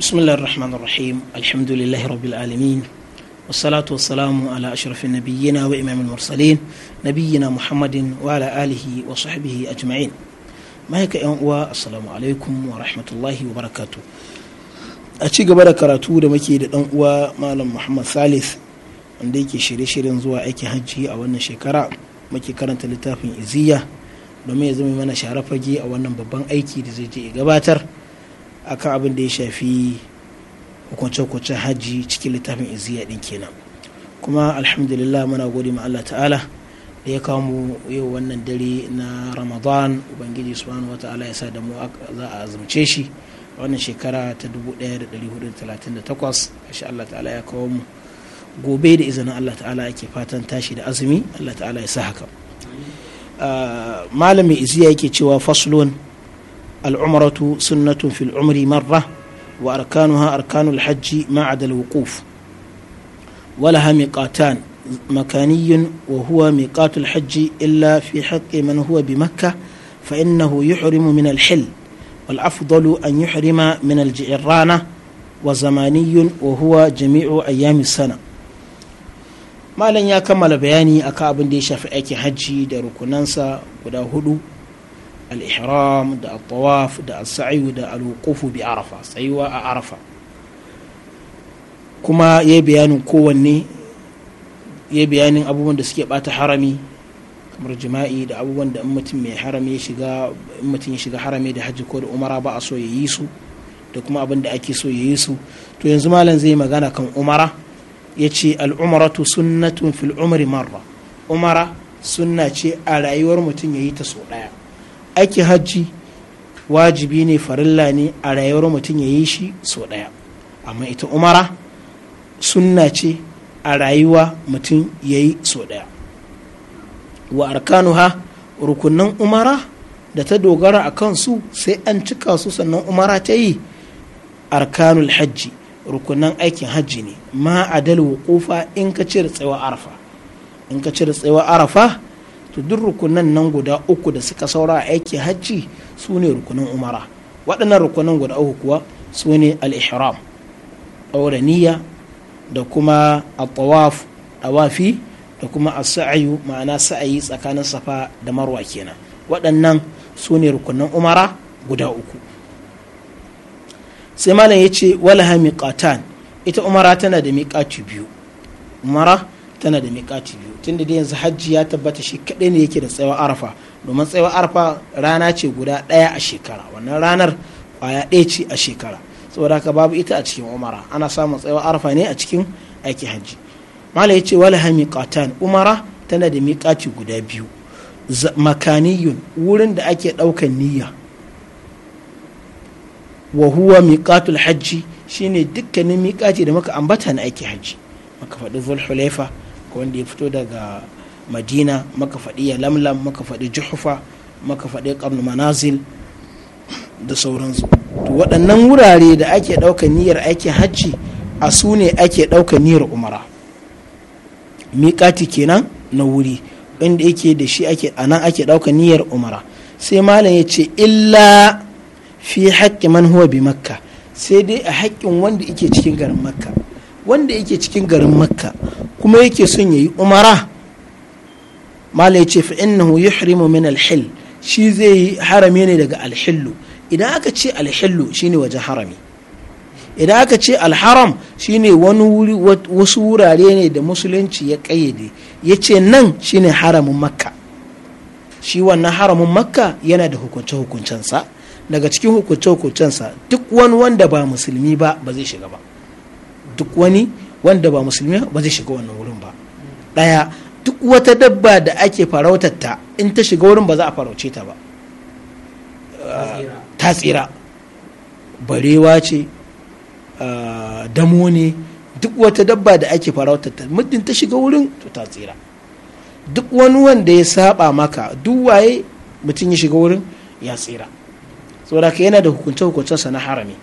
بسم الله الرحمن الرحيم الحمد لله رب العالمين والصلاة والسلام على أشرف النبيين وإمام المرسلين نبينا محمد وعلى آله وصحبه أجمعين ما هيك السلام عليكم ورحمة الله وبركاته أشي قبل كراتو دمكي دنقوى مالم محمد ثالث wanda yake shirye-shiryen zuwa aikin hajji a wannan shekara muke karanta littafin iziya domin ya zama mana share fage a wannan babban aiki da zai je gabatar akan abin da ya shafi hukunce hukunce hajji cikin littafin iziya din kenan kuma alhamdulillah muna gode ma Allah ta'ala da ya kawo mu yau wannan dare na ramadan ubangiji subhanahu wata'ala ya sa da mu za a azumce shi wannan shekara ta 1438 insha Allah ta'ala ya kawo mu gobe da izinin Allah ta'ala ake fatan tashi da azumi Allah ta'ala ya sa haka ah, malami iziya yake cewa faslon العمرة سنة في العمر مرة وأركانها أركان الحج ما عدا الوقوف ولها ميقاتان مكاني وهو ميقات الحج إلا في حق من هو بمكة فإنه يحرم من الحل والأفضل أن يحرم من الجعرانة وزماني وهو جميع أيام السنة ما لن يكمل بياني أكابن دي شفعيك حجي دي ركنانسا ودا هدو al-ihram da al da al da al bi arafa tsayuwa a arafa kuma ya yi bayanin kowanne ya yi bayanin abubuwan da suke bata harami kamar jima'i da abubuwan da mutum mai harami ya shiga mutum ya shiga harami da hajji ko da umara ba a so ya yi su da kuma abin da ake so ya yi su to yanzu malam zai magana kan umara ya ce al'umaratu sunnatun fil umari marra umara sunna ce a rayuwar mutum ya yi ta sau ɗaya aikin hajji wajibi ne farilla ne a rayuwar mutum ya yi shi sau ɗaya amma ita umara sunna ce a rayuwa mutum ya yi sau ɗaya wa arkanu ha rukunan umara da ta dogara a kansu sai an cika su sannan umara ta yi arkanul hajji rukunan aikin hajji ne ma dalwa wuqufa in ka cire tsayawa arafa in ka cire arafa to duk rukunan nan guda uku da suka saura a aiki hajji su ne rukunan umara waɗannan rukunan guda uku kuwa su ne al-ihram ɗaura niyya da kuma a tawaf da kuma a sayu ma'ana sa'ayi tsakanin safa da marwa kenan waɗannan su ne rukunan umara guda uku sai malam ya ce walaha miqatan ita umara tana da miqati biyu biyu Tun da yanzu hajji ya tabbata shi kaɗai ne yake da tsawon arafa domin tsawon arafa rana ce guda ɗaya a shekara wannan ranar kwaya ɗaya ce a shekara saboda haka babu ita a cikin umara ana samun tsawon arafa ne a cikin aiki hajji Malam ya ce hami miƙatan umara tana da miƙati guda biyu makaniyun wurin da ake ɗaukan niyya wa huwa miƙatul hajji shine dukkanin miƙati da muka ambata na aiki hajji maka faɗi zulhulaifa wanda ya fito daga madina maka faɗi ya lamlam maka faɗi juhufa maka faɗi ƙarnu manazil da sauransu to waɗannan wurare da ake ɗaukar niyyar aikin hajji a su ne ake ɗaukar niyyar umara miƙati kenan na wuri inda yake da shi a nan ake ɗaukar niyyar umara sai malam ya ce illa fi haƙƙi man huwa bi makka sai dai a haƙƙin wanda yake cikin garin makka wanda yake cikin garin makka kuma yake son ya yi umara mala yace fa innahu harimu min alhil shi zai yi harami ne daga alhillu idan aka ce alhillu shine wajen harami idan aka ce alharam shine wani wasu wurare ne da musulunci ya kayyade ya ce nan shine haramin makka shi wannan haramin makka yana da hukunce-hukuncensa daga cikin hukunce-hukuncensa duk wani wanda ba musulmi ba ba zai shiga ba duk wani wanda ba musulmi ba zai shiga wannan wurin ba Daya duk wata dabba da ake farautar ta in ta shiga wurin ba za a farauce ta ba ta tsira barewa ce damo ne duk wata dabba da ake farautar ta muddin ta shiga wurin to ta tsira duk wani wanda ya saba maka duk waye mutum ya shiga wurin ya tsira saboda ka yana da hukunce hukuncensa na harami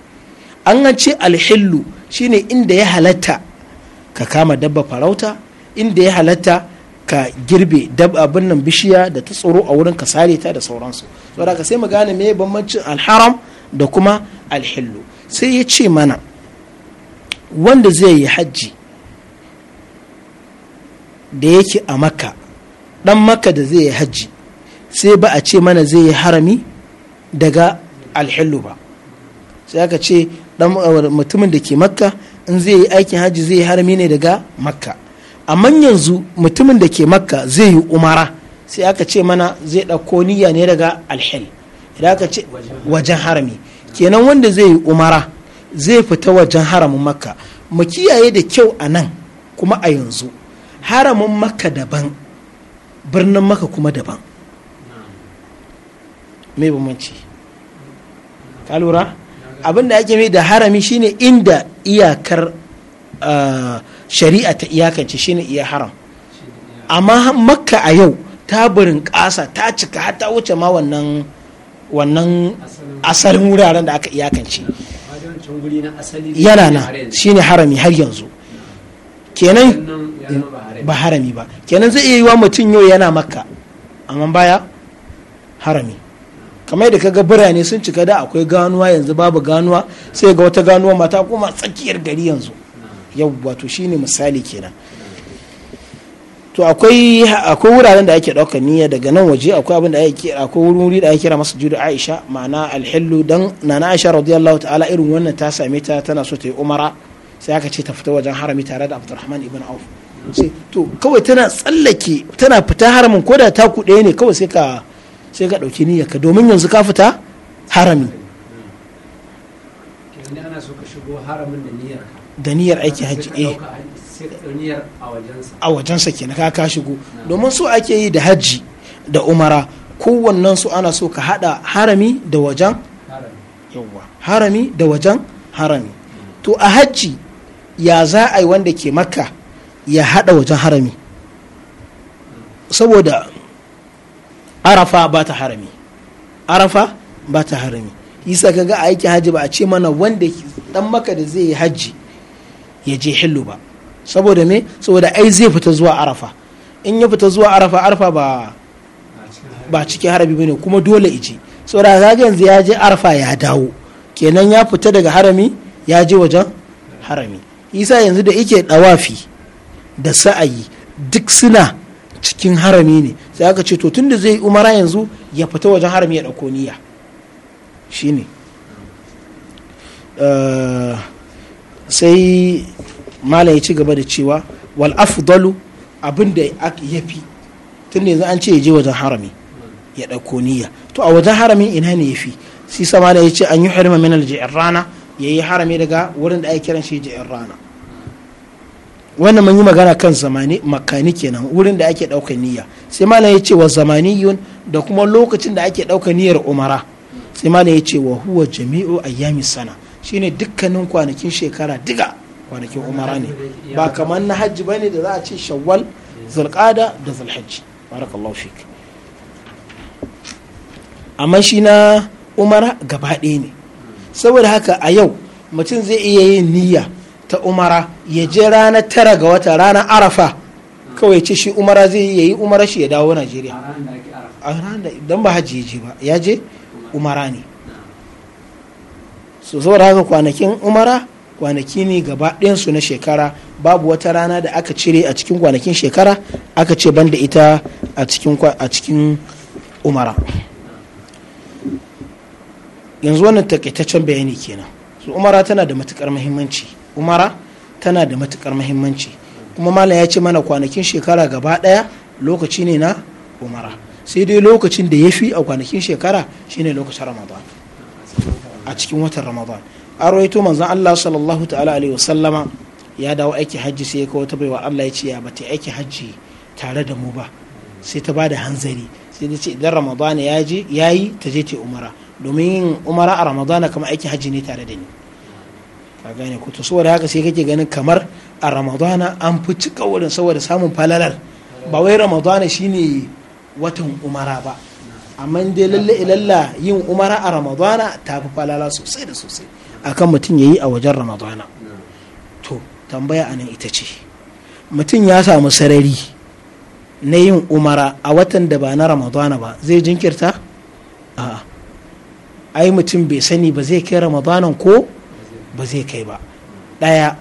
an ce alhillu shine inda ya halatta ka kama dabba farauta inda ya halatta ka girbe dab abin nan bishiya da ta tsoro a wurin ka sare ta da sauransu saboda ka sai mu gane me bambancin alharam da kuma alhillu sai ya ce mana wanda zai yi hajji da yake a makka dan makka da zai yi hajji sai ba a ce mana zai yi harami daga alhillu ba sai aka ce mutumin da ke makka in zai yi aikin haji zai harami ne daga makka amma yanzu mutumin da ke makka zai yi umara sai aka ce mana zai ɗauko niyya ne daga alhil idan aka ce wajen harami kenan wanda zai yi umara zai fita wajen haramin makka mu kiyaye da kyau a nan kuma a yanzu haramin makka daban birnin makka kuma daban mai bambanci ka lura abin da ake mai da harami shine inda iyakar ah, shari'a ta iyakance shine iya haram amma makka a yau ta burin ƙasa ta cika har ta wuce ma wannan wannan asalin wuraren da aka iyakance yana na shine harami har yanzu kenan ba harami ba kenan zai iya yi wa mutum yau yana makka amma baya harami kamar da kaga birane sun cika da akwai ganuwa yanzu babu ganuwa sai ga wata ganuwa mata kuma tsakiyar gari yanzu yau wato shine misali kenan to akwai akwai wuraren da ake daukar niyya daga nan waje akwai abin da ake akwai wuri da ake kira masa judu Aisha ma'ana alhillu dan nana Aisha radiyallahu ta'ala irin wannan ta same ta tana so ta yi umara sai aka ce ta fita wajen harami tare da Abdurrahman ibn Auf to kawai tana tsallake tana fita haramin koda ta kuɗe ne kawai sai ka sai ka ɗauki ka domin yanzu ka fita harami da niyyar aiki hajji eh a wajensa kenan ka ka shigo domin so ake yi da hajji da umara kowannen su ana so ka hada harami da wajen harami da wajen harami to a hajji ya za a yi wanda ke makka ya hada wajen harami hmm. saboda arafa ba ta harami arafa ba ta harami isa ga aiki hajji ba a ce mana wanda dan maka da zai yi hajji ya je hillu ba saboda me saboda ai zai fita zuwa arafa in ya fita zuwa arafa arafa ba ba cikin harami bane kuma dole ije saboda ga yanzu ya je arafa ya dawo kenan ya fita daga harami ya je wajen harami isa yanzu da yake dawafi da sa'ayi duk suna cikin harami ne sai aka ce to tunda zai umara yanzu ya fita wajen harami ya dauko niyya shine eh, sai malam ya ci gaba da cewa wal afdalu abin da ya fi tunda yanzu an ce ya je wajen harami ya dauko niyya to a wajen harami ina ne ya fi sisa mala ya ce an yi harima min rana ya yi harami daga wurin da ake kiran shi rana wannan mun yi magana kan zamani makani kenan wurin da ake ɗaukar niyya sai malam ya ce wa zamaniyun da kuma lokacin da ake ɗaukar niyyar umara sai malam ya ce wa huwa jami'u ayyami sana shine dukkanin kwanakin shekara diga kwanakin umara ne ba kamar na hajji bane da za a ce shawwal zulqada da zulhajji barakallahu fik amma shi na umara gaba ɗaya ne saboda haka a yau mutum zai iya yin niyya ta umara ya je rana tara ga wata ranar arafa kawai ce shi umara zai yi umara shi ya dawo najeriya a ranar da don ba hajji ya je ba ya je umara ne Su zo haka kwanakin umara kwanaki ne gaba ɗayansu na shekara babu wata rana da aka cire a cikin kwanakin shekara aka ce banda ita a cikin umara yanzu wannan takaitaccen bayani kenan su umara tana da matukar muhimmanci umara tana da matukar mahimmanci kuma malam ya ce mana kwanakin shekara gaba daya lokaci ne na umara sai dai lokacin da ya fi a kwanakin shekara shine lokacin ramadan a cikin watan ramadan a rawaito manzon allah sallallahu ta'ala alaihi wasallama ya dawo aiki hajji sai ya kawo ta baiwa allah ya ce ya bata aiki hajji tare da mu ba sai ta bada hanzari sai ta ce idan ramadan ya yi ta je ta umara domin yin umara a ramadan kamar aiki hajji ne tare da ni a gane ko to saboda haka sai kake ganin kamar a ramadana an fi cika wurin saboda samun falalar ba wai ramadana shine watan umara ba amma dai lalle ilalla yin umara a ramadana ta fi falala sosai da sosai akan mutum ya yi a wajen ramadana to tambaya a nan ita ce mutum ya samu sarari na yin umara a watan da ba na ramadana ba zai jinkirta a ai mutum bai sani ba zai kai ramadana ko ba zai kai ba ɗaya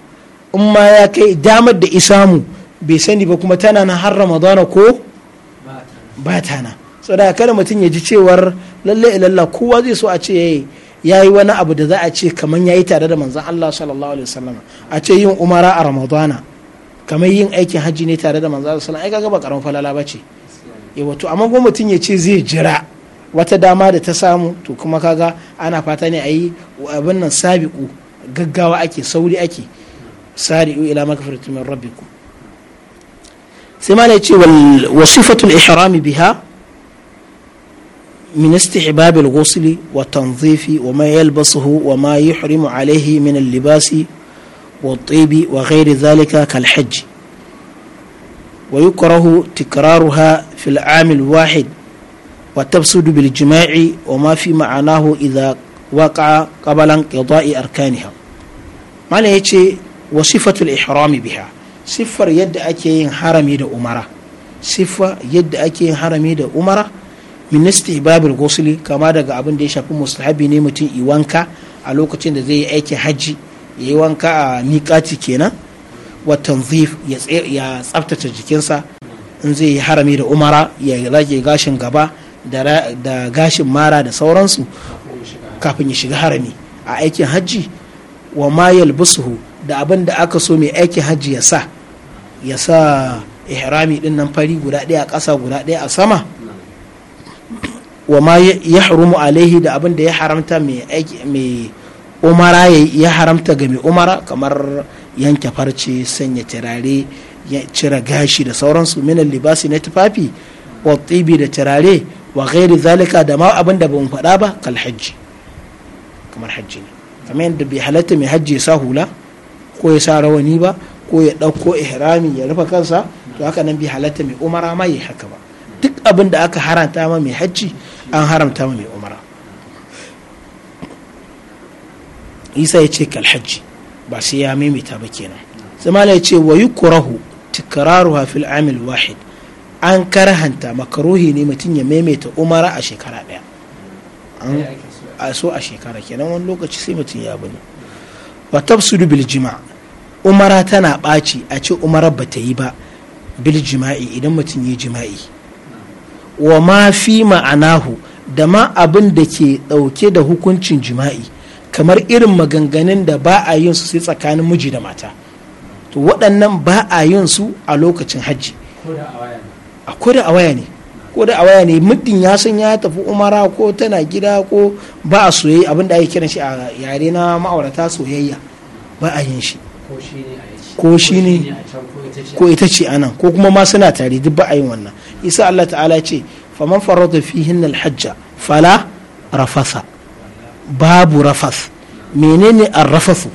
in ma ya kai damar da isamu bai sani ba kuma tana na har ramadana ko ba tana tsada kada mutum ya ji cewar lalle ilalla kowa zai so a ce ya yi wani abu da za a ce kamar ya yi tare da manzan Allah sallallahu alaihi wasallam a ce yin umara a ramadana kamar yin aikin hajji ne tare da manzan Allah sallallahu alaihi wasallam ai kaga ba falala ba ce Ya wato amma kuma mutum ya ce zai jira wata dama da ta samu to kuma kaga ana fata ne a yi abin nan sabiku gaggawa ake sauri ake sari'u ila magfiratin min rabbikum sai ma ne ce wa من استحباب الغسل والتنظيف وما يلبسه وما يحرم عليه من اللباس والطيب وغير ذلك كالحج ويكره تكرارها في العام الواحد وتفسد بالجماع وما في معناه إذا waqa'a qablan qida'i arkaniha malam yace wa sifatul ihrami biha siffar yadda ake yin harami da umara siffa yadda ake yin harami da umara minista istihbabil gosili kama daga abin da ya shafi mustahabi ne mutum i wanka a lokacin da zai yi aikin hajji ya yi wanka a miƙati kenan wa ya tsaftace jikinsa in zai yi harami da umara ya rage gashin gaba da gashin mara da sauransu kafin ya shiga harami a aikin hajji wa ma yalbisuhu da abin da aka so mai aikin hajji ya sa ya sa ihrami din nan fari guda ɗaya a ƙasa guda ɗaya a sama wa ma ya harumu alaihi da abin da ya haramta mai umara ya haramta ga mai umara kamar yanke farce sanya ya cire gashi da sauransu minan libasi na tufafi wa tsibi da tirare wa gairi zalika da ma abin da ban faɗa ba kalhajji kamar hajji ne kamar yadda bai halatta mai hajji ya sa hula ko ya sa rawani ba ko ya ɗauko ihrami ya rufe kansa to haka nan bai halatta mai umara ma yi haka ba duk abin da aka haramta ma mai hajji an haramta ma mai umara isa ya ce kalhajji ba sai ya maimaita ba kenan zamana ya ce wa yukrahu tikraruha fil amil wahid an karhanta makaruhi ne mutum ya maimaita umara a shekara ɗaya a so a shekara kenan wani lokaci sai mutum ya bani wa tafsiru bil jima' umara tana ɓaci a ce umara ba ta yi ba bil jima'i idan mutum yi jima'i wa ma fi ma'anahu da ma abin da ke ɗauke da hukuncin jima'i kamar irin maganganun da ba a yin su sai tsakanin miji da mata to waɗannan ba a yin su a lokacin hajji a koda a waya ne ko da a waya ne muddin ya san ya tafi umara ko tana gida ko ba a soyayya abin da ake kiran shi a yare na ma'aurata soyayya ba a yin shi ko shi ne ko ita ce anan ko kuma ma suna tare duk ba a yin wannan isa Allah ta'ala ce faman farata fihin hajja. fala rafasa babu rafas menene arrafasu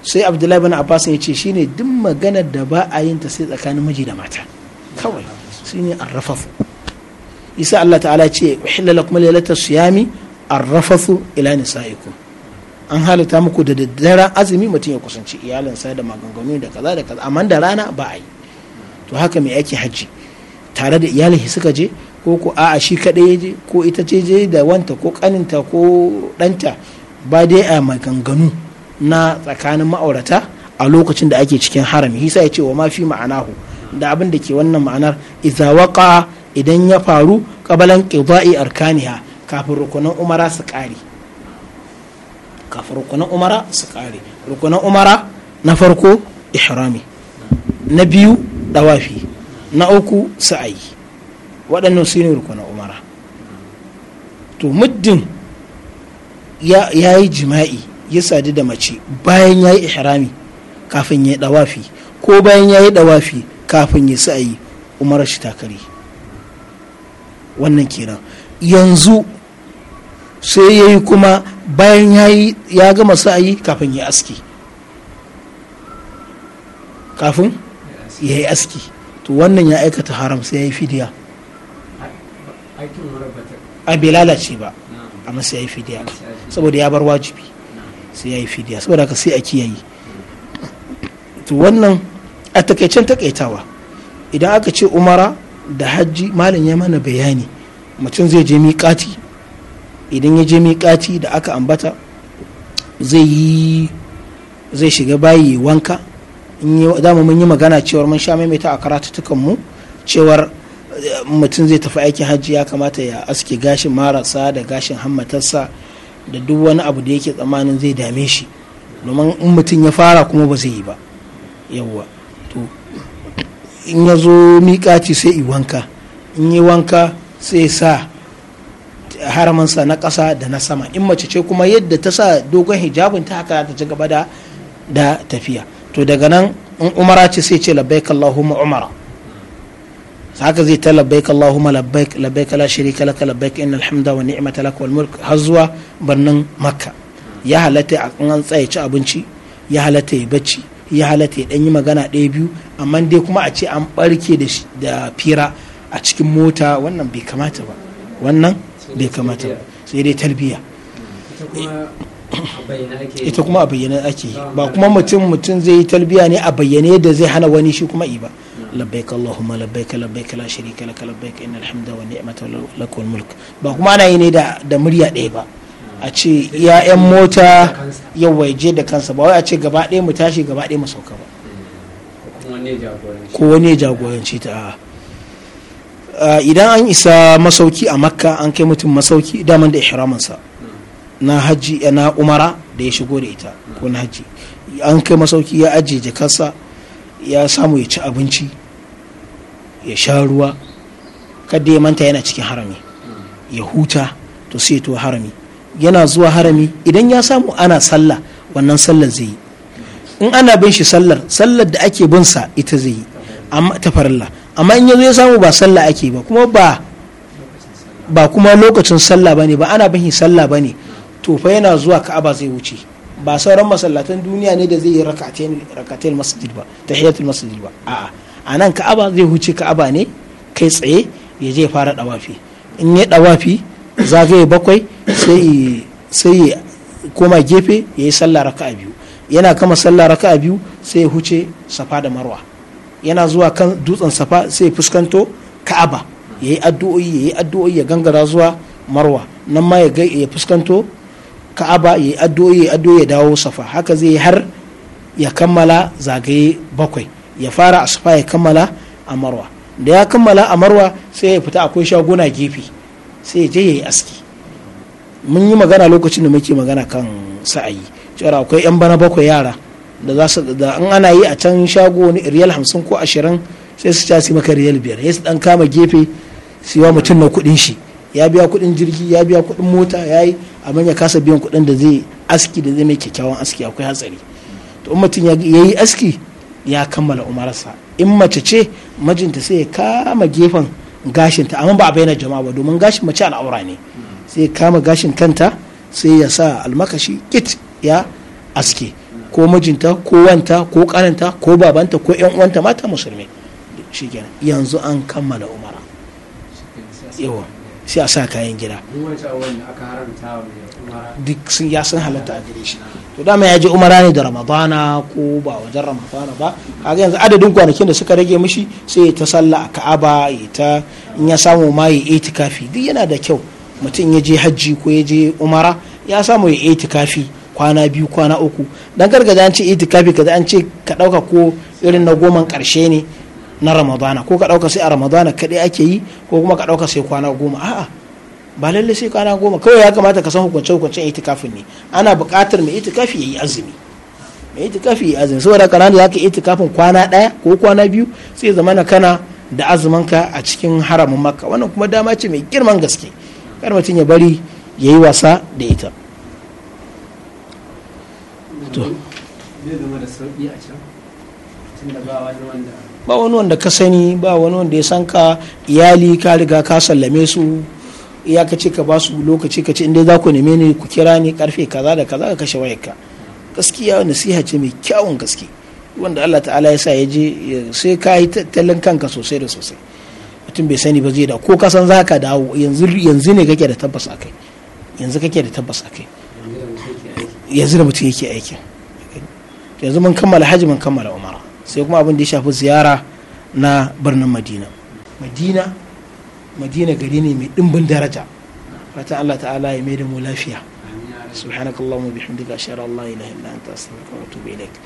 sai abdullahi bin abbas ya ce shine duk maganar da ba a yin ta sai tsakanin miji da mata kawai shine arrafafu isa Allah ta'ala ce uhilla lakum laylatas siyami arrafafu ila nisaikum an halitta muku da daddaren azumi mutum ya kusanci sa da maganganu da kaza da kaza amma da rana ba a yi to haka mai aiki hajji tare da iyalin suka je ko ko a'a shi kaɗai ya je ko ita ce je da wanta ko kaninta ko ɗanta ba dai a maganganu na tsakanin ma'aurata a lokacin da ake cikin harami hisa ya ce wa ma fi ma'anahu da abin da ke wannan ma'anar iza idan ya faru kabalan qida'i arkaniha kafin rukunan umara su kare kafin rukunan umara su kare rukunan umara na farko ihrami na biyu dawafi na uku sa'ayi waɗannan su ne rukunan umara to muddin ya yi jima'i ya sadu da mace bayan ya yi ihrami kafin ya yi dawafi ko bayan ya yi dawafi kafin ya sa yi umarar shi takari wannan kenan yanzu sai ya yi kuma bayan ya gama sa'ayi kafin ya aski kafin ya yi aski to wannan ya aikata haram sai ya yi fidiya a bai lalace ba amma sai ya yi fidiya saboda ya bar wajibi sai ya yi fidiya saboda haka sai a kiyaye to wannan a takaicen takaitawa idan aka ce umara da hajji malam ya mana bayani mutum zai je miƙati idan ya je miƙati da aka ambata zai yi zai shiga bayi wanka dama mun yi magana cewar mun sha maimaita a karatuttukan mu cewar eh, mutum zai tafi aikin hajji ya kamata ya aske gashin marasa da gashin hammatarsa da duk wani abu da yake tsammanin zai dame shi domin in mutum ya fara kuma ba zai yi ba yawwa in ya zo miƙaci sai yi wanka in yi wanka sai sa haramansa na ƙasa da na sama in mace ce kuma yadda ta sa dogon hijabin ta haka ta ci gaba da da tafiya to daga nan in umara ce sai ce labbaik allahumma umara haka zai ta labbaik allahumma labbaik labbaik la kala laka labbaik innal alhamda wa ni'mata lak wal mulk har zuwa birnin makka ya halatta kan tsaye ci abinci ya halatta ya bacci ya halatta ya dan yi magana ɗaya biyu amma dai kuma a ce an barke da fira a cikin mota wannan bai kamata ba wannan bai kamata ba sai dai tarbiyya ita kuma a bayyane ake yi ba kuma mutum mutum zai yi talbiya ne a bayyane da zai hana wani shi kuma iba labbaik allahumma labbaik labbaik la shirika lak labbaik innal hamda wa ni'mata lakal mulk ba kuma ana yi ne da murya ɗaya ba a ce ya'yan mota yau waje da kansa ba wai a ce gaba ɗaya mu tashi gaba ɗaya mu sauka ba ko wani jagoranci ta idan an isa masauki a makka an kai mutum masauki daman da ihraminsa na hajji na umara da ya shigo da ita ko na hajji an kai masauki ya ajiye jakarsa ya samu ya ci abinci ya sha ruwa kada ya manta yana cikin harami ya huta to sai to harami yana zuwa harami idan ya samu ana sallah wannan sallar zai yi in ana bin shi sallar sallar da ake bin sa ita zai yi amma ta farilla amma in yazo ya samu ba sallah ake ba kuma ba ba kuma lokacin sallah bane ba ana bin shi sallah bane to fa yana zuwa ka'aba zai wuce ba sauran masallatan duniya ne da zai yi rakatain rakatain masjid ba tahiyatul masjid ba a'a anan ka'aba zai wuce ka'aba ne kai tsaye ya je fara dawafi in ya dawafi zagaye bakwai sai ya koma gefe ya yi sallah raka'a biyu yana kama sallah raka'a biyu sai ya huce safa da marwa yana zuwa kan dutsen safa sai ya fuskanto ka'aba ya yi addu'o'i ya yi addu'o'i ya gangara zuwa marwa nan ma ya fuskanto ka'aba ya yi addu'o'i ya addu'o'i ya dawo safa haka zai har ya kammala zagaye bakwai ya fara a safa ya kammala a marwa da ya kammala a marwa sai ya fita akwai shaguna gefe sai je ya yi aski mun yi magana lokacin da muke magana kan sa'ayi cewa akwai yan bana bakwai yara da za su da an ana yi a can shago ne riyal hamsin ko ashirin sai su casi maka riyal biyar sai su dan kama gefe su yi wa mutum na kuɗin shi ya biya kuɗin jirgi ya biya kuɗin mota ya yi amma ya kasa biyan kuɗin da zai aski da zai mai kyakkyawan aski akwai hatsari to mutum ya yi aski ya kammala umararsa in mace ce majinta sai ya kama gefen gashin ta amma ba a bayyana jama'a ba domin gashin mace al'aura ne sai kama gashin kanta sai ya sa almakashi kit ya aske ko mijinta ko wanta ko kananta ko babanta ko yan uwanta mata musulmi shikenan yanzu an kammala umara yawa sai a sa kayan gida duk sun ya sun halatta a gare shi to dama ya je umara ne da ramadana ko ba wajen ramadana ba kaga yanzu adadin kwanakin da suka rage mishi sai ya ta sallah a ka'aba ya ta in ya samu ma ya itikafi duk yana da kyau mutum ya je hajji ko ya je umara ya samu ya itikafi kwana biyu kwana uku dan gargaza an ce itikafi kaza an ce ka dauka ko irin na goma karshe ne na ramadana ko ka ɗauka sai a ramadana kaɗai ake yi ko kuma ka ɗauka sai kwana goma a'a ba lalle sai kwana goma kawai ya kamata ka san hukunce hukuncen itikafin ne ana buƙatar mai itikafi ya yi azumi mai itikafi ya yi azumi saboda kana da zaka yi itikafin kwana ɗaya ko kwana biyu sai zama na kana da azumanka a cikin haramin makka wannan kuma dama ce mai girman gaske kar mutum ya bari ya yi wasa da ita to zai zama da sauƙi a can ba wani wanda ba wani wanda ka sani ba wani wanda ya san ka iyali ka riga ka sallame su ya ce ka ba su lokaci ka ce inda za ku neme ni ku kira ni karfe kaza da kaza ka kashe wayarka gaskiya nasiha ce mai kyawun gaske wanda Allah ta'ala ya sa ya je sai ka yi tattalin kanka sosai da sosai mutum bai sani ba zai da ko kasan za ka dawo yanzu ne kake da tabbas akai yanzu kake da tabbas kai yanzu da mutum yake aiki yanzu mun kammala hajji mun kammala umara sai kuma abin da ya shafi ziyara na birnin madina madina madina gari ne mai dimbin daraja fata allah ta'ala ya mai da mu lafiya subhanakallahumma bihamdika ashhadu an la ilaha illa anta astaghfiruka wa atubu ilaik